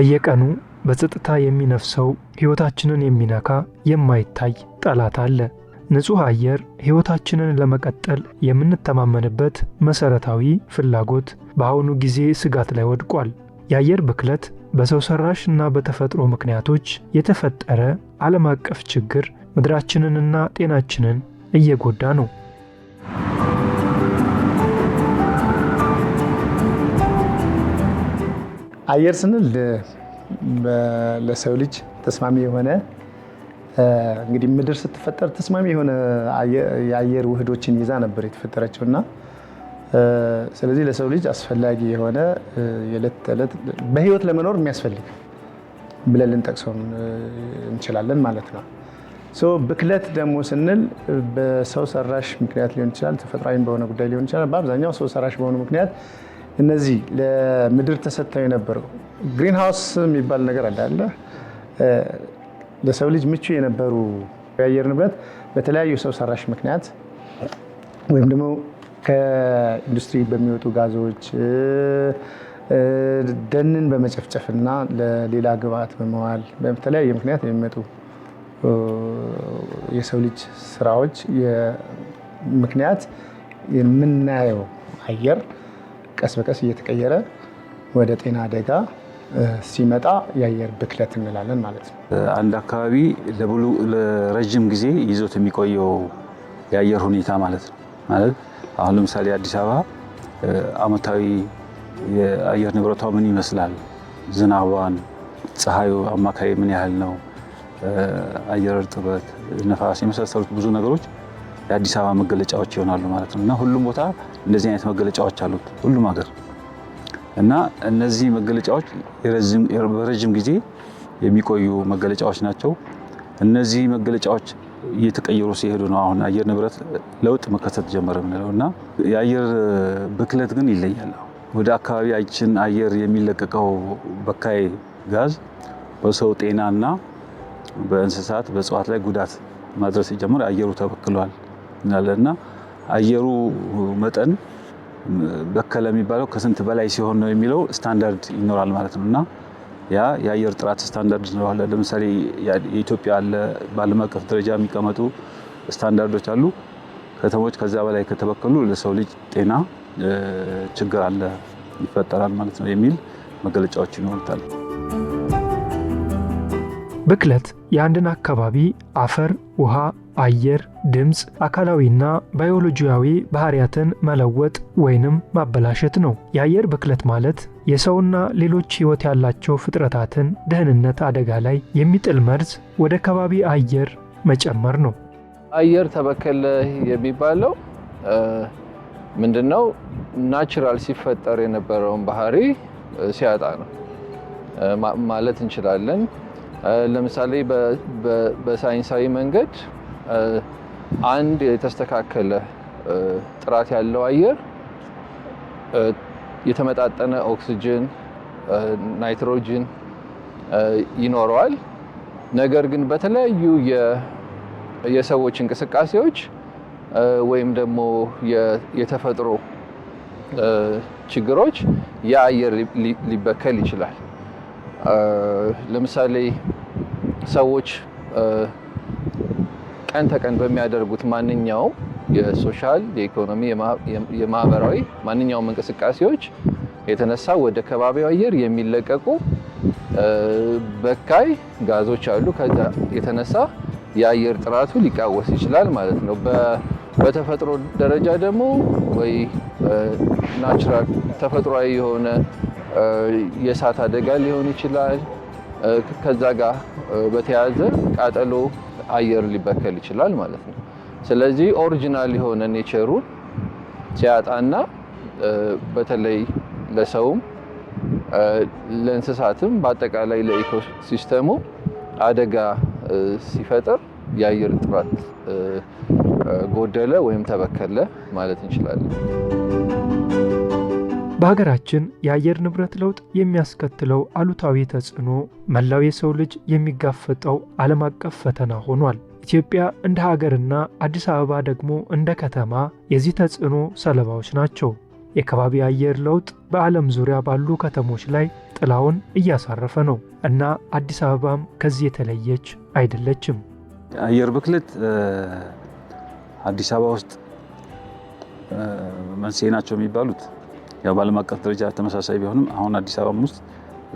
በየቀኑ በጸጥታ የሚነፍሰው ሕይወታችንን የሚነካ የማይታይ ጠላት አለ። ንጹሕ አየር ሕይወታችንን ለመቀጠል የምንተማመንበት መሠረታዊ ፍላጎት በአሁኑ ጊዜ ስጋት ላይ ወድቋል። የአየር ብክለት በሰው ሰራሽ እና በተፈጥሮ ምክንያቶች የተፈጠረ ዓለም አቀፍ ችግር ምድራችንንና ጤናችንን እየጎዳ ነው። አየር ስንል ለሰው ልጅ ተስማሚ የሆነ እንግዲህ ምድር ስትፈጠር ተስማሚ የሆነ የአየር ውህዶችን ይዛ ነበር የተፈጠረችው እና ስለዚህ ለሰው ልጅ አስፈላጊ የሆነ የዕለት ተዕለት በህይወት ለመኖር የሚያስፈልግ ብለን ልንጠቅሰው እንችላለን ማለት ነው። ብክለት ደግሞ ስንል በሰው ሰራሽ ምክንያት ሊሆን ይችላል፣ ተፈጥሯዊም በሆነ ጉዳይ ሊሆን ይችላል። በአብዛኛው ሰው ሰራሽ በሆኑ ምክንያት እነዚህ ለምድር ተሰጥተው የነበረው ግሪን ሃውስ የሚባል ነገር አለ ለሰው ልጅ ምቹ የነበሩ የአየር ንብረት በተለያዩ ሰው ሰራሽ ምክንያት ወይም ደግሞ ከኢንዱስትሪ በሚወጡ ጋዞች ደንን በመጨፍጨፍና ለሌላ ግብአት በመዋል በተለያየ ምክንያት የሚመጡ የሰው ልጅ ስራዎች ምክንያት የምናየው አየር ቀስ በቀስ እየተቀየረ ወደ ጤና አደጋ ሲመጣ የአየር ብክለት እንላለን ማለት ነው። አንድ አካባቢ ለረዥም ጊዜ ይዞት የሚቆየው የአየር ሁኔታ ማለት ነው። ማለት አሁን ለምሳሌ አዲስ አበባ አመታዊ የአየር ንብረቷ ምን ይመስላል? ዝናቧን፣ ፀሐዩ አማካይ ምን ያህል ነው? አየር እርጥበት፣ ነፋስ የመሳሰሉት ብዙ ነገሮች የአዲስ አበባ መገለጫዎች ይሆናሉ ማለት ነው እና ሁሉም ቦታ እንደዚህ አይነት መገለጫዎች አሉት ሁሉም ሀገር እና እነዚህ መገለጫዎች በረዥም ጊዜ የሚቆዩ መገለጫዎች ናቸው። እነዚህ መገለጫዎች እየተቀየሩ ሲሄዱ ነው አሁን አየር ንብረት ለውጥ መከሰት ጀመረ የምንለው እና የአየር ብክለት ግን ይለያል። ወደ አካባቢያችን አየር የሚለቀቀው በካይ ጋዝ በሰው ጤናና በእንስሳት በእጽዋት ላይ ጉዳት ማድረስ ሲጀምር አየሩ ተበክሏል። እናለ እና አየሩ መጠን በከለ የሚባለው ከስንት በላይ ሲሆን ነው የሚለው ስታንዳርድ ይኖራል ማለት ነው እና ያ የአየር ጥራት ስታንዳርድ ይኖራል። ለምሳሌ የኢትዮጵያ አለ፣ በዓለም አቀፍ ደረጃ የሚቀመጡ ስታንዳርዶች አሉ። ከተሞች ከዛ በላይ ከተበከሉ ለሰው ልጅ ጤና ችግር አለ ይፈጠራል ማለት ነው የሚል መገለጫዎች ይኖሩታል። ብክለት የአንድን አካባቢ አፈር፣ ውሃ፣ አየር፣ ድምፅ፣ አካላዊና ባዮሎጂያዊ ባህሪያትን መለወጥ ወይንም ማበላሸት ነው። የአየር ብክለት ማለት የሰውና ሌሎች ሕይወት ያላቸው ፍጥረታትን ደህንነት አደጋ ላይ የሚጥል መርዝ ወደ ከባቢ አየር መጨመር ነው። አየር ተበከለ የሚባለው ምንድነው? ናቹራል ሲፈጠር የነበረውን ባህሪ ሲያጣ ነው ማለት እንችላለን። ለምሳሌ በሳይንሳዊ መንገድ አንድ የተስተካከለ ጥራት ያለው አየር የተመጣጠነ ኦክስጅን፣ ናይትሮጅን ይኖረዋል። ነገር ግን በተለያዩ የሰዎች እንቅስቃሴዎች ወይም ደግሞ የተፈጥሮ ችግሮች የአየር አየር ሊበከል ይችላል። ለምሳሌ ሰዎች ቀን ተቀን በሚያደርጉት ማንኛውም የሶሻል፣ የኢኮኖሚ፣ የማህበራዊ ማንኛውም እንቅስቃሴዎች የተነሳ ወደ ከባቢው አየር የሚለቀቁ በካይ ጋዞች አሉ። ከዛ የተነሳ የአየር ጥራቱ ሊቃወስ ይችላል ማለት ነው። በተፈጥሮ ደረጃ ደግሞ ወይ ናቹራል ተፈጥሯዊ የሆነ የእሳት አደጋ ሊሆን ይችላል። ከዛ ጋር በተያያዘ ቃጠሎ አየር ሊበከል ይችላል ማለት ነው። ስለዚህ ኦሪጂናል የሆነ ኔቸሩን ሲያጣና በተለይ ለሰውም ለእንስሳትም በአጠቃላይ ለኢኮሲስተሙ አደጋ ሲፈጥር የአየር ጥራት ጎደለ ወይም ተበከለ ማለት እንችላለን። በሀገራችን የአየር ንብረት ለውጥ የሚያስከትለው አሉታዊ ተጽዕኖ መላው የሰው ልጅ የሚጋፈጠው ዓለም አቀፍ ፈተና ሆኗል። ኢትዮጵያ እንደ ሀገርና አዲስ አበባ ደግሞ እንደ ከተማ የዚህ ተጽዕኖ ሰለባዎች ናቸው። የከባቢ አየር ለውጥ በዓለም ዙሪያ ባሉ ከተሞች ላይ ጥላውን እያሳረፈ ነው እና አዲስ አበባም ከዚህ የተለየች አይደለችም። አየር ብክለት አዲስ አበባ ውስጥ መንስኤ ናቸው የሚባሉት ያው በዓለም አቀፍ ደረጃ ተመሳሳይ ቢሆንም አሁን አዲስ አበባም ውስጥ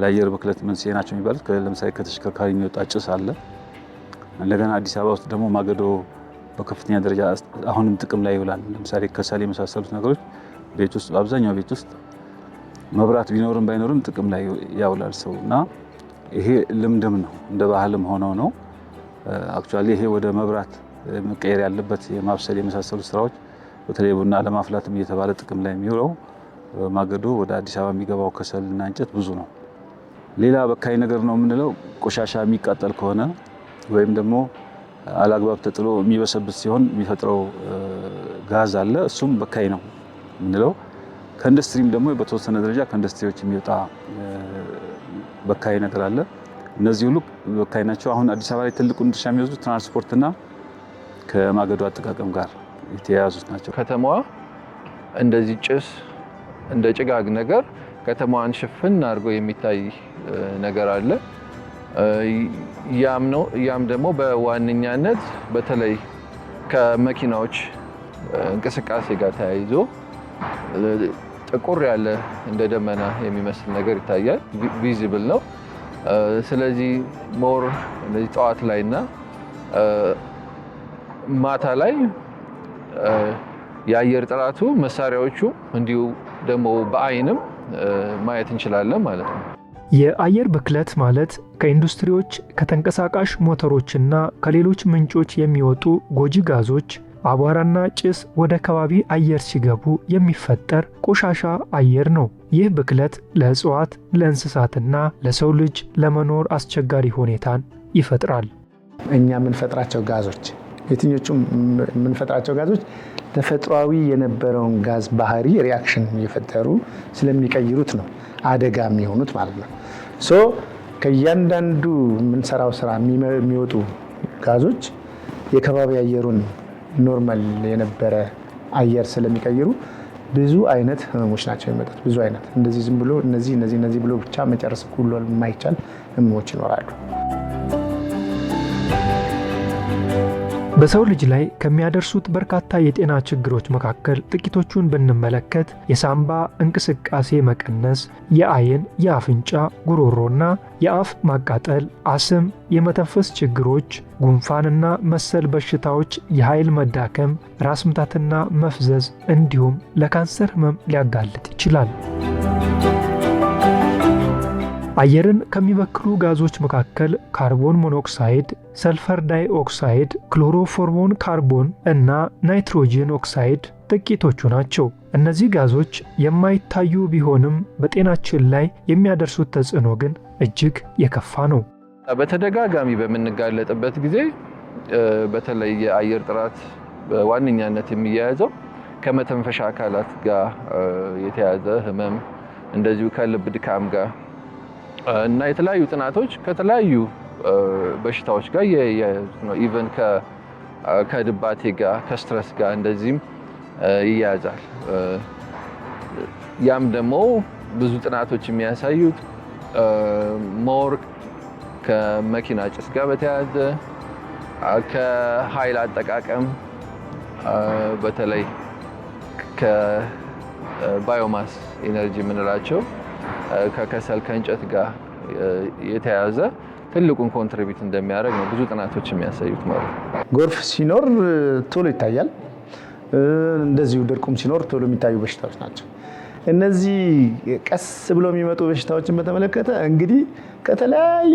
ለአየር ብክለት መንስኤ ናቸው የሚባሉት ለምሳሌ ከተሽከርካሪ የሚወጣ ጭስ አለ። እንደገና አዲስ አበባ ውስጥ ደግሞ ማገዶ በከፍተኛ ደረጃ አሁንም ጥቅም ላይ ይውላል። ለምሳሌ ከሰል የመሳሰሉት ነገሮች ቤት ውስጥ በአብዛኛው ቤት ውስጥ መብራት ቢኖርም ባይኖርም ጥቅም ላይ ያውላል ሰው እና ይሄ ልምድም ነው እንደ ባህልም ሆኖ ነው። አክቹዋሊ ይሄ ወደ መብራት መቀየር ያለበት የማብሰል የመሳሰሉ ስራዎች በተለይ ቡና ለማፍላትም እየተባለ ጥቅም ላይ የሚውለው ማገዶ ወደ አዲስ አበባ የሚገባው ከሰልና እንጨት ብዙ ነው። ሌላ በካይ ነገር ነው የምንለው ቆሻሻ የሚቃጠል ከሆነ ወይም ደግሞ አላግባብ ተጥሎ የሚበሰብስ ሲሆን የሚፈጥረው ጋዝ አለ። እሱም በካይ ነው የምንለው። ከኢንዱስትሪም ደግሞ በተወሰነ ደረጃ ከኢንዱስትሪዎች የሚወጣ በካይ ነገር አለ። እነዚህ ሁሉ በካይ ናቸው። አሁን አዲስ አበባ ላይ ትልቁን ድርሻ የሚወስዱ ትራንስፖርትና ከማገዶ አጠቃቀም ጋር የተያያዙት ናቸው። ከተማዋ እንደዚህ ጭስ እንደ ጭጋግ ነገር ከተማዋን ሽፍን አድርጎ የሚታይ ነገር አለ። ያም ደግሞ በዋነኛነት በተለይ ከመኪናዎች እንቅስቃሴ ጋር ተያይዞ ጥቁር ያለ እንደ ደመና የሚመስል ነገር ይታያል። ቪዚብል ነው። ስለዚህ ሞር እነዚህ ጠዋት ላይ እና ማታ ላይ የአየር ጥራቱ መሳሪያዎቹ እንዲሁ ደግሞ በአይንም ማየት እንችላለን ማለት ነው። የአየር ብክለት ማለት ከኢንዱስትሪዎች ከተንቀሳቃሽ ሞተሮችና ከሌሎች ምንጮች የሚወጡ ጎጂ ጋዞች አቧራና ጭስ ወደ ከባቢ አየር ሲገቡ የሚፈጠር ቆሻሻ አየር ነው። ይህ ብክለት ለእጽዋት፣ ለእንስሳትና ለሰው ልጅ ለመኖር አስቸጋሪ ሁኔታን ይፈጥራል። እኛ የምንፈጥራቸው ጋዞች የትኞቹ የምንፈጥራቸው ጋዞች ተፈጥሯዊ የነበረውን ጋዝ ባህሪ ሪያክሽን እየፈጠሩ ስለሚቀይሩት ነው አደጋ የሚሆኑት ማለት ነው። ሶ ከእያንዳንዱ የምንሰራው ስራ የሚወጡ ጋዞች የከባቢ አየሩን ኖርማል የነበረ አየር ስለሚቀይሩ ብዙ አይነት ህመሞች ናቸው የሚመጡት። ብዙ አይነት እንደዚህ ዝም ብሎ እነዚህ እነዚህ እነዚህ ብሎ ብቻ መጨረስ ሁሉ የማይቻል ህመሞች ይኖራሉ። በሰው ልጅ ላይ ከሚያደርሱት በርካታ የጤና ችግሮች መካከል ጥቂቶቹን ብንመለከት የሳምባ እንቅስቃሴ መቀነስ፣ የአይን፣ የአፍንጫ፣ ጉሮሮና የአፍ ማቃጠል፣ አስም፣ የመተንፈስ ችግሮች፣ ጉንፋንና መሰል በሽታዎች፣ የኃይል መዳከም፣ ራስ ምታትና መፍዘዝ እንዲሁም ለካንሰር ህመም ሊያጋልጥ ይችላል። አየርን ከሚበክሉ ጋዞች መካከል ካርቦን ሞኖክሳይድ፣ ሰልፈር ዳይ ኦክሳይድ፣ ክሎሮፎርሞን ካርቦን እና ናይትሮጂን ኦክሳይድ ጥቂቶቹ ናቸው። እነዚህ ጋዞች የማይታዩ ቢሆንም በጤናችን ላይ የሚያደርሱት ተጽዕኖ ግን እጅግ የከፋ ነው። በተደጋጋሚ በምንጋለጥበት ጊዜ በተለይ የአየር ጥራት በዋነኛነት የሚያያዘው ከመተንፈሻ አካላት ጋር የተያዘ ህመም እንደዚሁ ከልብ ድካም ጋር እና የተለያዩ ጥናቶች ከተለያዩ በሽታዎች ጋር ኢቨን ከድባቴ ጋር ከስትረስ ጋር እንደዚህም ይያያዛል። ያም ደግሞ ብዙ ጥናቶች የሚያሳዩት ሞር ከመኪና ጭስ ጋር በተያያዘ ከኃይል አጠቃቀም በተለይ ከባዮማስ ኢነርጂ የምንላቸው ከከሰል ከእንጨት ጋር የተያያዘ ትልቁን ኮንትሪቢዩት እንደሚያደርግ ነው ብዙ ጥናቶች የሚያሳዩት ማለት ጎርፍ ሲኖር ቶሎ ይታያል። እንደዚሁ ድርቁም ሲኖር ቶሎ የሚታዩ በሽታዎች ናቸው። እነዚህ ቀስ ብሎ የሚመጡ በሽታዎችን በተመለከተ እንግዲህ ከተለያየ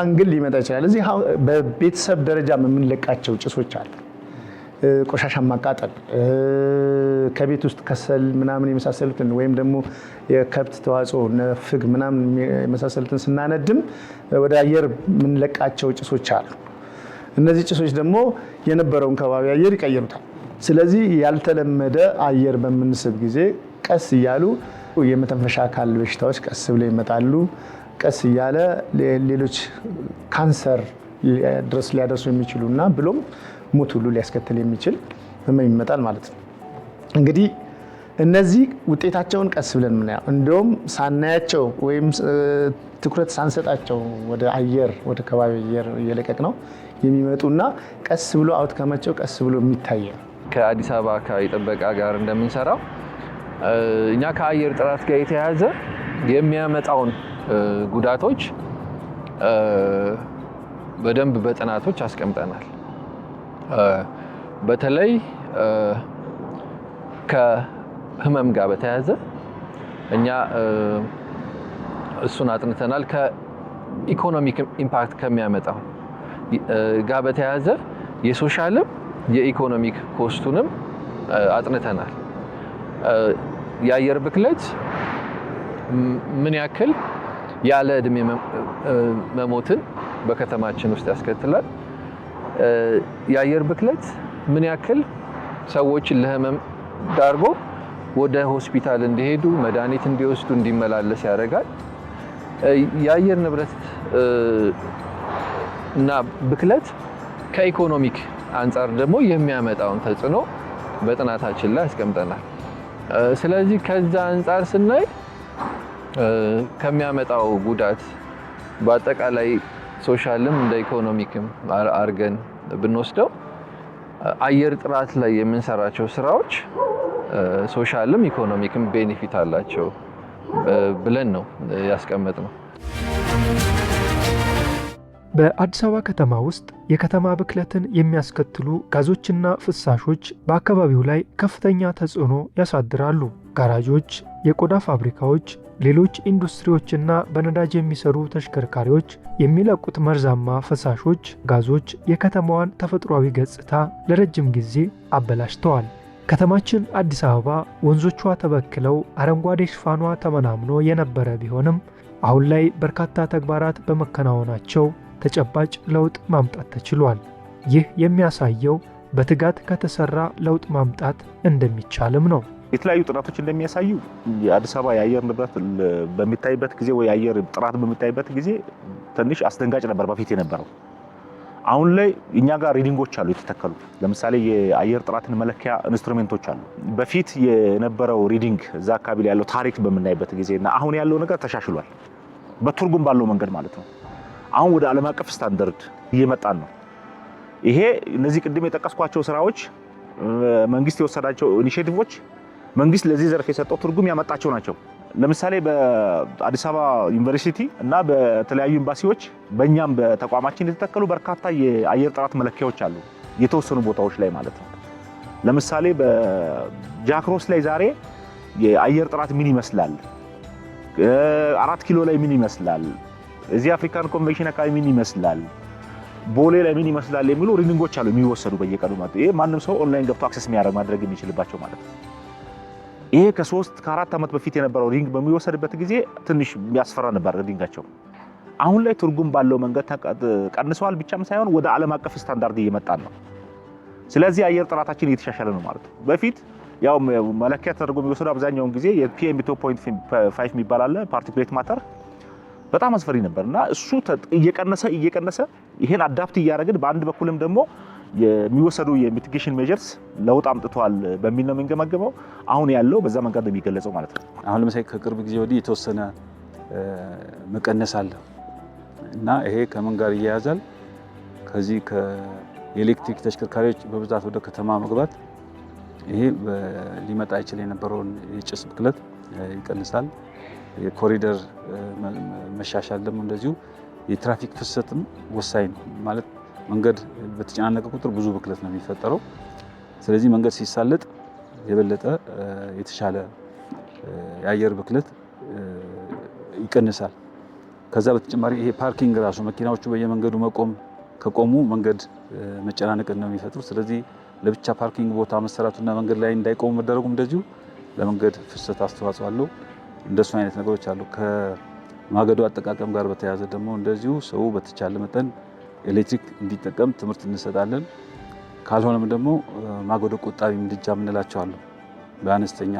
አንግል ሊመጣ ይችላል። እዚህ በቤተሰብ ደረጃ የምንለቃቸው ጭሶች አሉ። ቆሻሻ ማቃጠል ከቤት ውስጥ ከሰል ምናምን የመሳሰሉትን ወይም ደግሞ የከብት ተዋጽኦ ነፍግ ምናምን የመሳሰሉትን ስናነድም ወደ አየር የምንለቃቸው ጭሶች አሉ። እነዚህ ጭሶች ደግሞ የነበረውን ከባቢ አየር ይቀይሩታል። ስለዚህ ያልተለመደ አየር በምንስብ ጊዜ ቀስ እያሉ የመተንፈሻ አካል በሽታዎች ቀስ ብለው ይመጣሉ። ቀስ እያለ ሌሎች ካንሰር ድረስ ሊያደርሱ የሚችሉ እና ብሎም ሞት ሁሉ ሊያስከትል የሚችል ህመም ይመጣል ማለት ነው። እንግዲህ እነዚህ ውጤታቸውን ቀስ ብለን ምናየው እንዲሁም ሳናያቸው ወይም ትኩረት ሳንሰጣቸው ወደ አየር ወደ ከባቢ አየር እየለቀቅ ነው የሚመጡና ቀስ ብሎ አውትከማቸው ቀስ ብሎ የሚታየ ከአዲስ አበባ አካባቢ ጥበቃ ጋር እንደምንሰራው እኛ ከአየር ጥራት ጋር የተያያዘ የሚያመጣውን ጉዳቶች በደንብ በጥናቶች አስቀምጠናል። በተለይ ከህመም ጋር በተያያዘ እኛ እሱን አጥንተናል። ከኢኮኖሚክ ኢምፓክት ከሚያመጣው ጋር በተያያዘ የሶሻልም የኢኮኖሚክ ኮስቱንም አጥንተናል። የአየር ብክለት ምን ያክል ያለ እድሜ መሞትን በከተማችን ውስጥ ያስከትላል። የአየር ብክለት ምን ያክል ሰዎችን ለህመም ዳርጎ ወደ ሆስፒታል እንዲሄዱ መድኃኒት እንዲወስዱ እንዲመላለስ ያደርጋል። የአየር ንብረት እና ብክለት ከኢኮኖሚክ አንጻር ደግሞ የሚያመጣውን ተጽዕኖ በጥናታችን ላይ ያስቀምጠናል። ስለዚህ ከዛ አንጻር ስናይ ከሚያመጣው ጉዳት በአጠቃላይ ሶሻልም እንደ ኢኮኖሚክም አርገን ብንወስደው አየር ጥራት ላይ የምንሰራቸው ስራዎች ሶሻልም ኢኮኖሚክም ቤኔፊት አላቸው ብለን ነው ያስቀመጥ ነው። በአዲስ አበባ ከተማ ውስጥ የከተማ ብክለትን የሚያስከትሉ ጋዞችና ፍሳሾች በአካባቢው ላይ ከፍተኛ ተጽዕኖ ያሳድራሉ። ጋራጆች፣ የቆዳ ፋብሪካዎች፣ ሌሎች ኢንዱስትሪዎችና በነዳጅ የሚሰሩ ተሽከርካሪዎች የሚለቁት መርዛማ ፈሳሾች ጋዞች የከተማዋን ተፈጥሯዊ ገጽታ ለረጅም ጊዜ አበላሽተዋል። ከተማችን አዲስ አበባ ወንዞቿ ተበክለው አረንጓዴ ሽፋኗ ተመናምኖ የነበረ ቢሆንም አሁን ላይ በርካታ ተግባራት በመከናወናቸው ተጨባጭ ለውጥ ማምጣት ተችሏል። ይህ የሚያሳየው በትጋት ከተሰራ ለውጥ ማምጣት እንደሚቻልም ነው። የተለያዩ ጥናቶች እንደሚያሳዩ አዲስ አበባ የአየር ንብረት በሚታይበት ጊዜ ወይ የአየር ጥራት በሚታይበት ጊዜ ትንሽ አስደንጋጭ ነበር በፊት የነበረው። አሁን ላይ እኛ ጋር ሪዲንጎች አሉ የተተከሉ። ለምሳሌ የአየር ጥራትን መለኪያ ኢንስትሩሜንቶች አሉ። በፊት የነበረው ሪዲንግ እዛ አካባቢ ላይ ያለው ታሪክ በምናይበት ጊዜ እና አሁን ያለው ነገር ተሻሽሏል፣ በትርጉም ባለው መንገድ ማለት ነው። አሁን ወደ ዓለም አቀፍ ስታንዳርድ እየመጣን ነው። ይሄ እነዚህ ቅድም የጠቀስኳቸው ስራዎች መንግስት የወሰዳቸው ኢኒሼቲቮች መንግስት ለዚህ ዘርፍ የሰጠው ትርጉም ያመጣቸው ናቸው። ለምሳሌ በአዲስ አበባ ዩኒቨርሲቲ እና በተለያዩ ኤምባሲዎች በእኛም በተቋማችን የተተከሉ በርካታ የአየር ጥራት መለኪያዎች አሉ፣ የተወሰኑ ቦታዎች ላይ ማለት ነው። ለምሳሌ በጃክሮስ ላይ ዛሬ የአየር ጥራት ምን ይመስላል፣ አራት ኪሎ ላይ ምን ይመስላል፣ እዚህ አፍሪካን ኮንቬንሽን አካባቢ ምን ይመስላል፣ ቦሌ ላይ ምን ይመስላል የሚሉ ሪዲንጎች አሉ የሚወሰዱ በየቀኑ ማለት ይሄ ማንም ሰው ኦንላይን ገብቶ አክሰስ የሚያደርግ ማድረግ የሚችልባቸው ማለት ነው። ይሄ ከሶስት ከአራት ዓመት በፊት የነበረው ሪንግ በሚወሰድበት ጊዜ ትንሽ የሚያስፈራ ነበር ሪንጋቸው። አሁን ላይ ትርጉም ባለው መንገድ ቀንሰዋል ብቻም ሳይሆን ወደ ዓለም አቀፍ ስታንዳርድ እየመጣን ነው። ስለዚህ አየር ጥራታችን እየተሻሻለ ነው ማለት ነው። በፊት ያው መለኪያ ተደርጎ የሚወሰዱ አብዛኛውን ጊዜ የፒኤም ቱ ፖይንት ፋይቭ የሚባል አለ ፓርቲኩሌት ማተር በጣም አስፈሪ ነበር እና እሱ እየቀነሰ እየቀነሰ ይሄን አዳፕት እያደረግን በአንድ በኩልም ደግሞ የሚወሰዱ የሚቲጌሽን ሜጀርስ ለውጥ አምጥቷል በሚል ነው የምንገመገመው። አሁን ያለው በዛ መንገድ ነው የሚገለጸው ማለት ነው። አሁን ለምሳሌ ከቅርብ ጊዜ ወዲህ የተወሰነ መቀነስ አለ እና ይሄ ከምን ጋር ይያያዛል? ከዚህ የኤሌክትሪክ ተሽከርካሪዎች በብዛት ወደ ከተማ መግባት ይሄ ሊመጣ ይችል የነበረውን የጭስ ብክለት ይቀንሳል። የኮሪደር መሻሻል ደግሞ እንደዚሁ የትራፊክ ፍሰትም ወሳኝ ነው ማለት መንገድ በተጨናነቀ ቁጥር ብዙ ብክለት ነው የሚፈጠረው። ስለዚህ መንገድ ሲሳለጥ የበለጠ የተሻለ የአየር ብክለት ይቀንሳል። ከዛ በተጨማሪ ይሄ ፓርኪንግ ራሱ መኪናዎቹ በየመንገዱ መቆም ከቆሙ መንገድ መጨናነቅን ነው የሚፈጥሩ። ስለዚህ ለብቻ ፓርኪንግ ቦታ መሰራቱና መንገድ ላይ እንዳይቆሙ መደረጉም እንደዚሁ ለመንገድ ፍሰት አስተዋጽኦ አለው። እንደሱ አይነት ነገሮች አሉ። ከማገዶ አጠቃቀም ጋር በተያያዘ ደግሞ እንደዚሁ ሰው በተቻለ መጠን ኤሌክትሪክ እንዲጠቀም ትምህርት እንሰጣለን። ካልሆነም ደግሞ ማገዶ ቆጣቢ ምድጃ የምንላቸዋለን። በአነስተኛ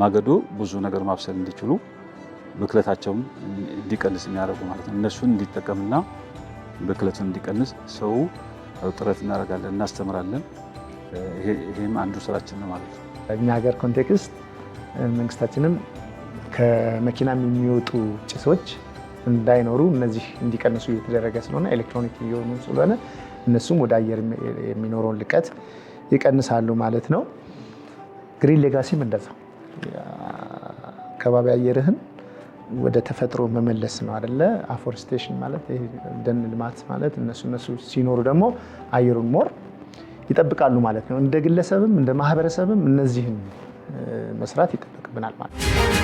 ማገዶ ብዙ ነገር ማብሰል እንዲችሉ ብክለታቸውም እንዲቀንስ የሚያደርጉ ማለት ነው። እነሱን እንዲጠቀምና ብክለቱን እንዲቀንስ ሰው ጥረት እናደርጋለን፣ እናስተምራለን። ይህም አንዱ ስራችን ነው ማለት ነው። በእኛ ሀገር ኮንቴክስት መንግስታችንም ከመኪናም የሚወጡ ጭሶች እንዳይኖሩ እነዚህ እንዲቀንሱ እየተደረገ ስለሆነ ኤሌክትሮኒክ እየሆኑ ስለሆነ እነሱም ወደ አየር የሚኖረውን ልቀት ይቀንሳሉ ማለት ነው። ግሪን ሌጋሲም እንደዛ አካባቢ አየርህን ወደ ተፈጥሮ መመለስ ነው አደለ? አፎርስቴሽን ማለት ደን ልማት ማለት እነሱ እነሱ ሲኖሩ ደግሞ አየሩን ሞር ይጠብቃሉ ማለት ነው። እንደ ግለሰብም እንደ ማህበረሰብም እነዚህን መስራት ይጠበቅብናል ማለት ነው።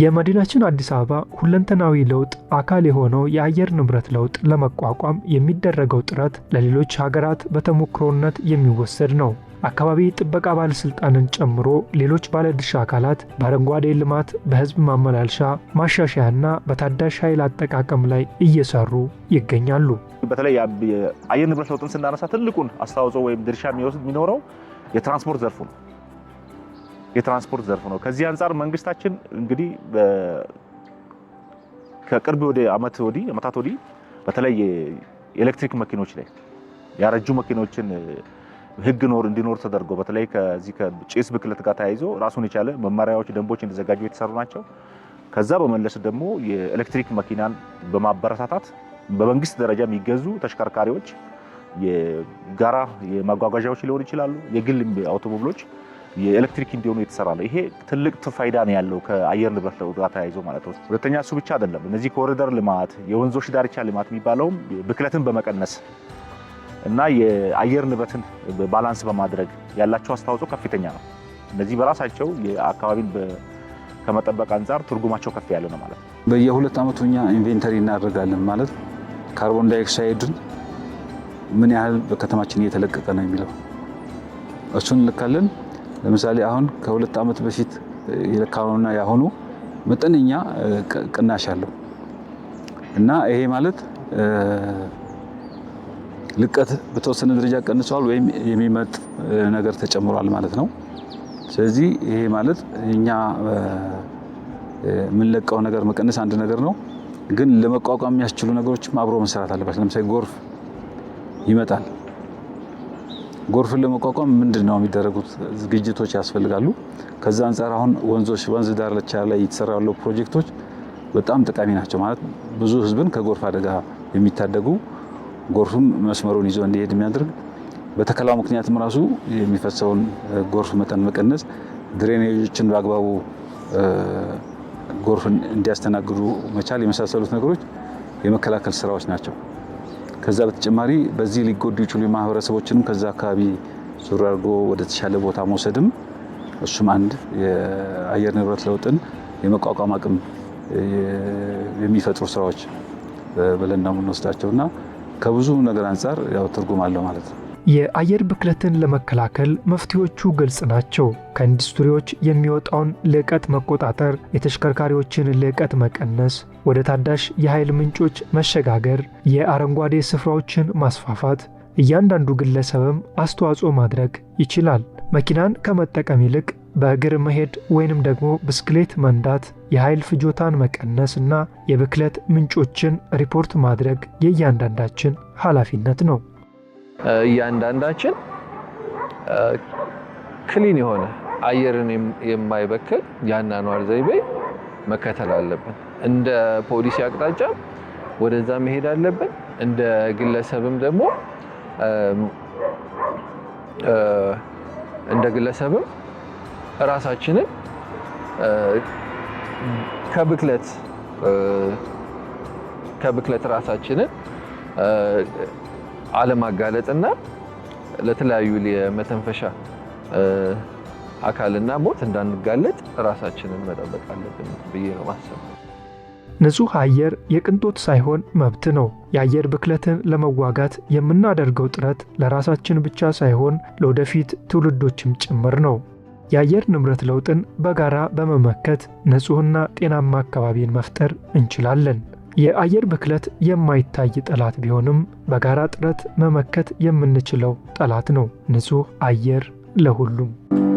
የመዲናችን አዲስ አበባ ሁለንተናዊ ለውጥ አካል የሆነው የአየር ንብረት ለውጥ ለመቋቋም የሚደረገው ጥረት ለሌሎች ሀገራት በተሞክሮነት የሚወሰድ ነው። አካባቢ ጥበቃ ባለስልጣንን ጨምሮ ሌሎች ባለድርሻ አካላት በአረንጓዴ ልማት፣ በህዝብ ማመላለሻ ማሻሻያና በታዳሽ ኃይል አጠቃቀም ላይ እየሰሩ ይገኛሉ። በተለይ የአየር ንብረት ለውጥን ስናነሳ ትልቁን አስተዋጽኦ ወይም ድርሻ የሚወስድ የሚኖረው የትራንስፖርት ዘርፉ ነው። የትራንስፖርት ዘርፍ ነው። ከዚህ አንጻር መንግስታችን እንግዲህ ከቅርብ ወደ አመት ወዲህ አመታት ወዲህ በተለይ የኤሌክትሪክ መኪኖች ላይ ያረጁ መኪኖችን ህግ ኖር እንዲኖር ተደርጎ በተለይ ከዚህ ከጭስ ብክለት ጋር ተያይዞ ራሱን የቻለ መመሪያዎች፣ ደንቦች እንዲዘጋጁ የተሰሩ ናቸው። ከዛ በመለስ ደግሞ የኤሌክትሪክ መኪናን በማበረታታት በመንግስት ደረጃ የሚገዙ ተሽከርካሪዎች የጋራ የማጓጓዣዎች ሊሆኑ ይችላሉ፣ የግል አውቶሞቢሎች የኤሌክትሪክ እንዲሆኑ የተሰራ ነው። ይሄ ትልቅ ፋይዳ ነው ያለው ከአየር ንብረት ለውጥ ጋር ተያይዞ ማለት ነው። ሁለተኛ እሱ ብቻ አይደለም። እነዚህ ኮሪደር ልማት፣ የወንዞች ዳርቻ ልማት የሚባለውም ብክለትን በመቀነስ እና የአየር ንብረትን ባላንስ በማድረግ ያላቸው አስተዋጽኦ ከፍተኛ ነው። እነዚህ በራሳቸው የአካባቢን ከመጠበቅ አንጻር ትርጉማቸው ከፍ ያለ ነው ማለት ነው። በየሁለት ዓመቱ እኛ ኢንቬንተሪ እናደርጋለን ማለት ካርቦን ዳይኦክሳይድን ምን ያህል በከተማችን እየተለቀቀ ነው የሚለው እሱን እንልካለን። ለምሳሌ አሁን ከሁለት ዓመት በፊት የለካውና ያሆኑ መጠነኛ ቅናሽ አለው እና ይሄ ማለት ልቀት በተወሰነ ደረጃ ቀንሷል ወይም የሚመጥ ነገር ተጨምሯል ማለት ነው። ስለዚህ ይሄ ማለት እኛ የምንለቀው ነገር መቀነስ አንድ ነገር ነው፣ ግን ለመቋቋም የሚያስችሉ ነገሮችም አብሮ መሰራት አለባቸው። ለምሳሌ ጎርፍ ይመጣል። ጎርፍን ለመቋቋም ምንድን ነው የሚደረጉት ዝግጅቶች ያስፈልጋሉ። ከዛ አንጻር አሁን ወንዞች ወንዝ ዳርቻ ላይ የተሰራ ያለው ፕሮጀክቶች በጣም ጠቃሚ ናቸው። ማለት ብዙ ህዝብን ከጎርፍ አደጋ የሚታደጉ ጎርፍም መስመሩን ይዞ እንዲሄድ የሚያደርግ በተከላው ምክንያትም ራሱ የሚፈሰውን ጎርፍ መጠን መቀነስ፣ ድሬኔጆችን በአግባቡ ጎርፍን እንዲያስተናግዱ መቻል የመሳሰሉት ነገሮች የመከላከል ስራዎች ናቸው። ከዛ በተጨማሪ በዚህ ሊጎዱ ይችሉ የማህበረሰቦችንም ከዛ አካባቢ ዙር አድርጎ ወደ ተሻለ ቦታ መውሰድም እሱም አንድ የአየር ንብረት ለውጥን የመቋቋም አቅም የሚፈጥሩ ስራዎች ብለን ነው የምንወስዳቸው እና ከብዙ ነገር አንጻር ያው ትርጉም አለው ማለት ነው። የአየር ብክለትን ለመከላከል መፍትሄዎቹ ግልጽ ናቸው። ከኢንዱስትሪዎች የሚወጣውን ልቀት መቆጣጠር፣ የተሽከርካሪዎችን ልቀት መቀነስ፣ ወደ ታዳሽ የኃይል ምንጮች መሸጋገር፣ የአረንጓዴ ስፍራዎችን ማስፋፋት፣ እያንዳንዱ ግለሰብም አስተዋጽኦ ማድረግ ይችላል። መኪናን ከመጠቀም ይልቅ በእግር መሄድ ወይንም ደግሞ ብስክሌት መንዳት፣ የኃይል ፍጆታን መቀነስ እና የብክለት ምንጮችን ሪፖርት ማድረግ የእያንዳንዳችን ኃላፊነት ነው። እያንዳንዳችን ክሊን የሆነ አየርን የማይበክል የአኗኗር ዘይቤ መከተል አለብን። እንደ ፖሊሲ አቅጣጫ ወደዛ መሄድ አለብን። እንደ ግለሰብም ደግሞ እንደ ግለሰብም እራሳችንን ከብክለት ከብክለት ራሳችንን አለማጋለጥና ለተለያዩ የመተንፈሻ አካልና ሞት እንዳንጋለጥ ራሳችንን መጠበቅ አለብን ብዬ ነው ማሰብ። ንጹህ አየር የቅንጦት ሳይሆን መብት ነው። የአየር ብክለትን ለመዋጋት የምናደርገው ጥረት ለራሳችን ብቻ ሳይሆን ለወደፊት ትውልዶችም ጭምር ነው። የአየር ንብረት ለውጥን በጋራ በመመከት ንጹህና ጤናማ አካባቢን መፍጠር እንችላለን። የአየር ብክለት የማይታይ ጠላት ቢሆንም በጋራ ጥረት መመከት የምንችለው ጠላት ነው። ንጹህ አየር ለሁሉም